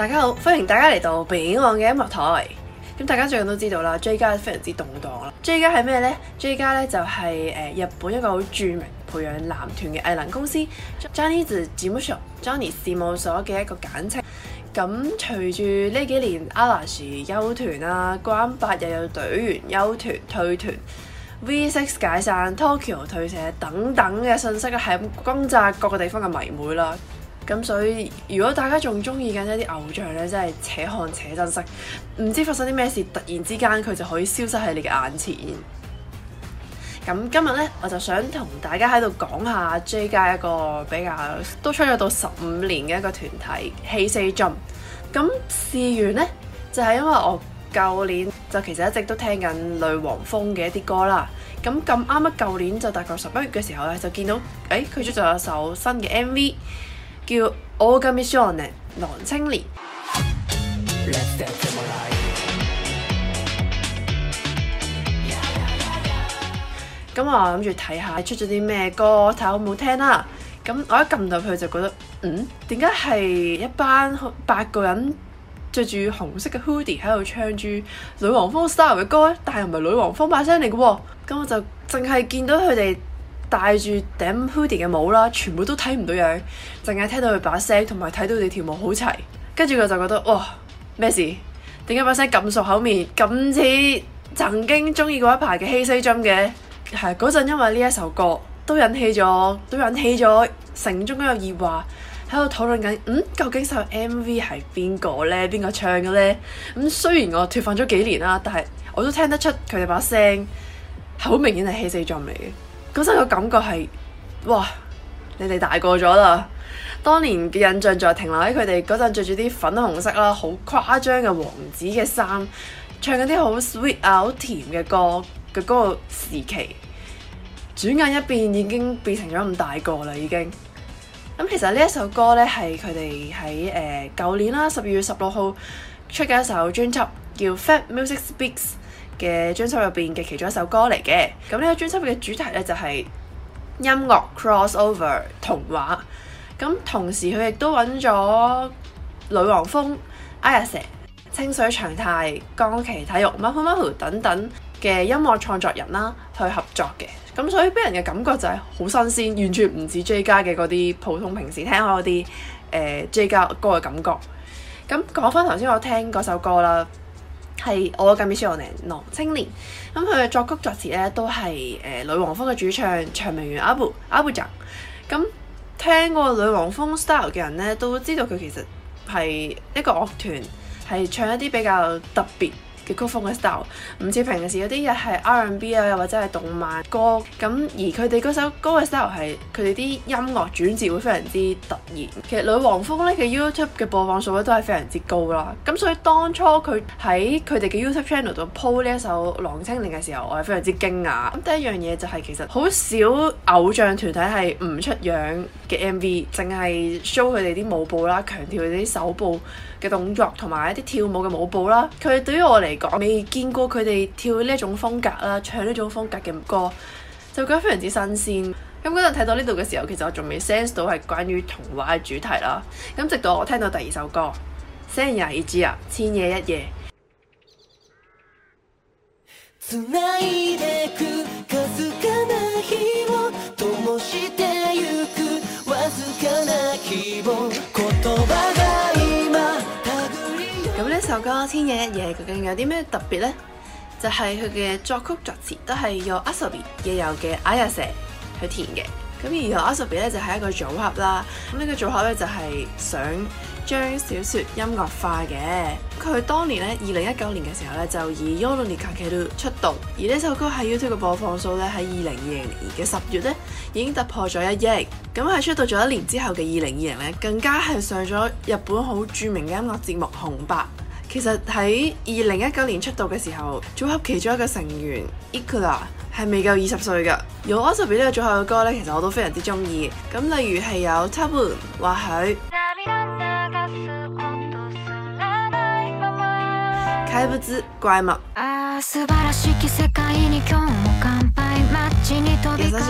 大家好，歡迎大家嚟到 Beyond 嘅音樂台。咁大家最近都知道啦，J 家非常之動盪啦。J 家係咩呢？J 家咧就係誒，日本一個好著名培養男團嘅藝能公司 Johnny’s Jimusho，Johnny 事務所嘅一個簡稱。咁隨住呢幾年，Arashi 休團啦，關八又有隊員休團退團，V6 解散，TOKIO 退社等等嘅信息咧，係咁轟炸各個地方嘅迷妹啦。咁所以，如果大家仲中意緊一啲偶像咧，真係且看且珍惜。唔知發生啲咩事，突然之間佢就可以消失喺你嘅眼前。咁今日呢，我就想同大家喺度講下 J 家一個比較都出咗到十五年嘅一個團體《Hey Say JUMP》。咁事源呢，就係、是、因為我舊年就其實一直都聽緊《女王蜂》嘅一啲歌啦。咁咁啱一舊年就大概十一月嘅時候咧，就見到誒佢出咗首新嘅 MV。叫《All Gimmie Shine》嘅狼青年。咁 我諗住睇下出咗啲咩歌，睇下好唔好聽啦。咁我一撳到佢就覺得，嗯，點解係一班八個人着住紅色嘅 hoodie 喺度唱住《女王蜂 style》嘅歌咧？但係唔係女王蜂把聲嚟嘅喎。咁我就淨係見到佢哋。戴住頂 hoodie 嘅帽啦，全部都睇唔到樣，淨係聽到佢把聲，同埋睇到佢哋跳舞好齊，跟住我就覺得，哇咩事？點解把聲咁熟口面，咁似曾經中意過一排嘅 Hey Say Jump 嘅？係嗰陣因為呢一首歌都引起咗，都引起咗城中間嘅熱話，喺度討論緊，嗯，究竟首 M V 係邊個呢？邊個唱嘅呢？嗯」咁雖然我脫粉咗幾年啦，但係我都聽得出佢哋把聲係好明顯係 Hey Say Jump 嚟嘅。嗰陣個感覺係，哇！你哋大個咗啦，當年嘅印象就係停留喺佢哋嗰陣著住啲粉紅色啦，好誇張嘅王子嘅衫，唱嗰啲好 sweet 啊、好甜嘅歌嘅嗰個時期。轉眼一變已經變成咗咁大個啦，已經。咁其實呢一首歌呢，係佢哋喺誒舊年啦，十二月十六號出嘅一首專輯叫《Fab! Music Speaks》嘅專輯入邊嘅其中一首歌嚟嘅，咁呢個專輯嘅主題呢，就係音樂 cross over 童話，咁同時佢亦都揾咗女王蜂、Ayase、清水翔太、岡崎體育、mafumafu 等等嘅音樂創作人啦去合作嘅，咁所以俾人嘅感覺就係好新鮮，完全唔似 J 家嘅嗰啲普通平時聽下嗰啲誒 J 家歌嘅感覺。咁講翻頭先我聽嗰首歌啦。係我近年喜歡嘅狼青年，咁佢嘅作曲作詞咧都係誒、呃、女王蜂嘅主唱薔薇園阿布阿布澤，咁聽過女王蜂 style 嘅人咧都知道佢其實係一個樂團，係唱一啲比較特別，嘅曲風嘅 style，唔似平時有啲又係 R&B 啊，又或者係動漫歌咁，而佢哋嗰首歌嘅 style 係佢哋啲音樂轉折會非常之突然。其實女王蜂呢，佢 YouTube 嘅播放數都係非常之高啦。咁所以當初佢喺佢哋嘅 YouTube channel 度 po 呢一首《狼青年》嘅時候，我係非常之驚訝。咁第一樣嘢就係、是、其實好少偶像團體係唔出樣嘅 MV，淨係 show 佢哋啲舞步啦，強調佢哋啲手部嘅動作同埋一啲跳舞嘅舞步啦。佢對於我嚟。未見過佢哋跳呢種風格啦，唱呢種風格嘅歌，就覺得非常之新鮮。咁嗰陣睇到呢度嘅時候，其實我仲未 sense 到係關於童話嘅主題啦。咁直到我聽到第二首歌，せんやいちや、千夜一夜。 個《千夜一夜》究竟有啲咩特別呢？就係佢嘅作曲作詞都係用 YOASOBI 亦有嘅 Ayase 去填嘅。咁然後 YOASOBI 咧就係、是、一個組合啦。咁、這、呢個組合咧就係想將小説音樂化嘅。佢當年咧二零一九年嘅時候咧就以《夜に駆ける》出道，而呢首歌喺 YouTube 嘅播放數咧喺二零二零年嘅十月咧已經突破咗一億。咁喺出道咗一年之後嘅二零二零咧更加係上咗日本好著名嘅音樂節目紅白。其實喺二零一九年出道嘅時候，組合其中一個成員 Ikura 係未夠二十歲嘅。而 YOASOBI 呢個組合嘅歌咧，其實我都非常之中意。咁例如係有《Tabun》、《或許》、《怪物》、《怪物》啊、《優雅水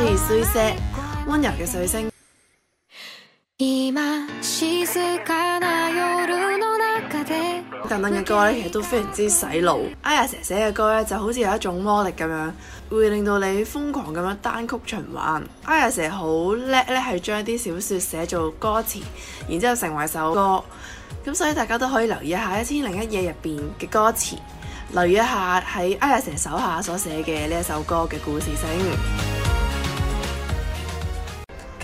星》、《溫柔嘅水星》。等鄧嘅歌咧，其實都非常之洗腦。Ayase 寫嘅歌咧，就好似有一種魔力咁樣，會令到你瘋狂咁樣單曲循環。Ayase 好叻咧，係將啲小說寫做歌詞，然之後成為首歌。咁所以大家都可以留意一下《一千零一夜》入邊嘅歌詞，留意一下喺 Ayase 手下所寫嘅呢一首歌嘅故事性。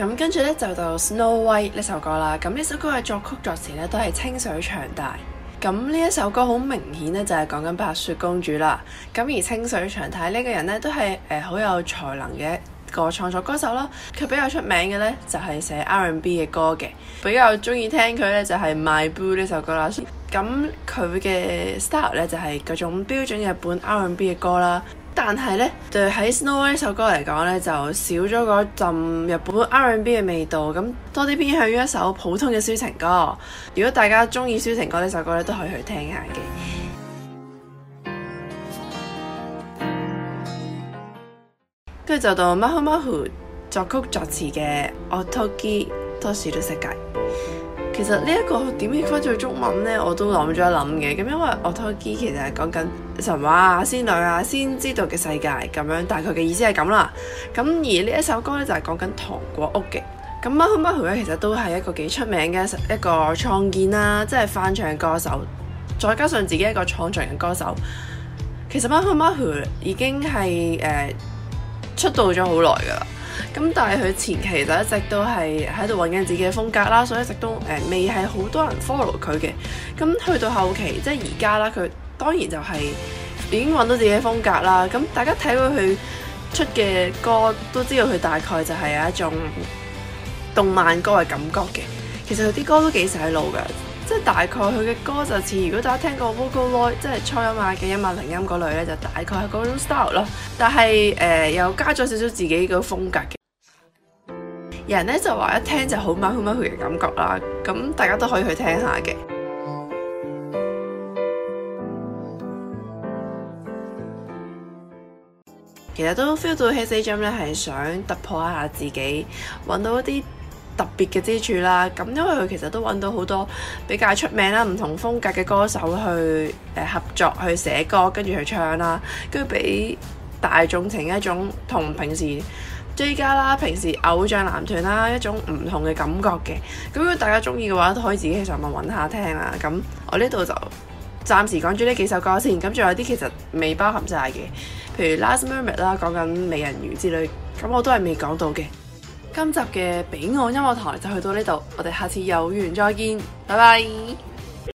咁跟住咧就到《Snow White》呢首歌啦。咁呢首歌嘅作曲作詞咧都係清水翔太。咁呢一首歌好明顯咧，就係講緊白雪公主啦。咁而清水翔太呢個人咧，都係誒好有才能嘅一個創作歌手啦。佢比較出名嘅咧，就係寫 R&B 嘅歌嘅，比較中意聽佢咧就係 My Boo 呢首歌啦。咁佢嘅 style 咧就係各種標準日本 R&B 嘅歌啦。但係呢，呢，對喺 Snow 呢首歌嚟講呢就少咗嗰陣日本 R&B 嘅味道，咁多啲偏向於一首普通嘅抒情歌。如果大家中意抒情歌，呢首歌呢都可以去聽下嘅。跟住 就到 mafumafu 作曲作詞嘅 Otogi to Shiru 世界。其實呢、這、一個點起翻最中文呢，我都諗咗一諗嘅。咁因為《Otogi》其實係講緊神話啊、仙女啊、先知道嘅世界咁樣，大概嘅意思係咁啦。咁而呢一首歌呢，就係講緊糖果屋嘅。咁 mafumafu 其實都係一個幾出名嘅一個創建啦，即係翻唱歌手，再加上自己一個創作人歌手。其實 mafumafu 已經係誒、呃、出道咗好耐噶啦。咁但係佢前期就一直都係喺度揾緊自己嘅風格啦，所以一直都誒、呃、未係好多人 follow 佢嘅。咁去到後期即係而家啦，佢當然就係已經揾到自己嘅風格啦。咁大家睇到佢出嘅歌都知道佢大概就係有一種動漫歌嘅感覺嘅。其實佢啲歌都幾洗腦㗎。即係大概佢嘅歌就似，如果大家聽過 Vocaloid，即係初音嘛、鏡音嘛、零音嗰類咧，就大概係嗰種 style 咯。但係誒、呃、又加咗少少自己個風格嘅。 人咧就話一聽就好慢、好慢、好嘅感覺啦。咁大家都可以去聽下嘅。 其實都 feel 到 Hey Say JUMP 咧係想突破一下自己，揾到一啲特別嘅之處啦，咁因為佢其實都揾到好多比較出名啦、唔同風格嘅歌手去誒、呃、合作去寫歌，跟住去唱啦，跟住俾大眾呈一種同平時 J 家啦、平時偶像男團啦一種唔同嘅感覺嘅。咁如果大家中意嘅話，都可以自己去上網揾下聽啦。咁我呢度就暫時講咗呢幾首歌先，咁仲有啲其實未包含晒嘅，譬如《Last Mermaid》啦，講緊美人魚之類，咁我都係未講到嘅。今集嘅彼岸音樂台就去到呢度，我哋下次有緣再見，拜拜。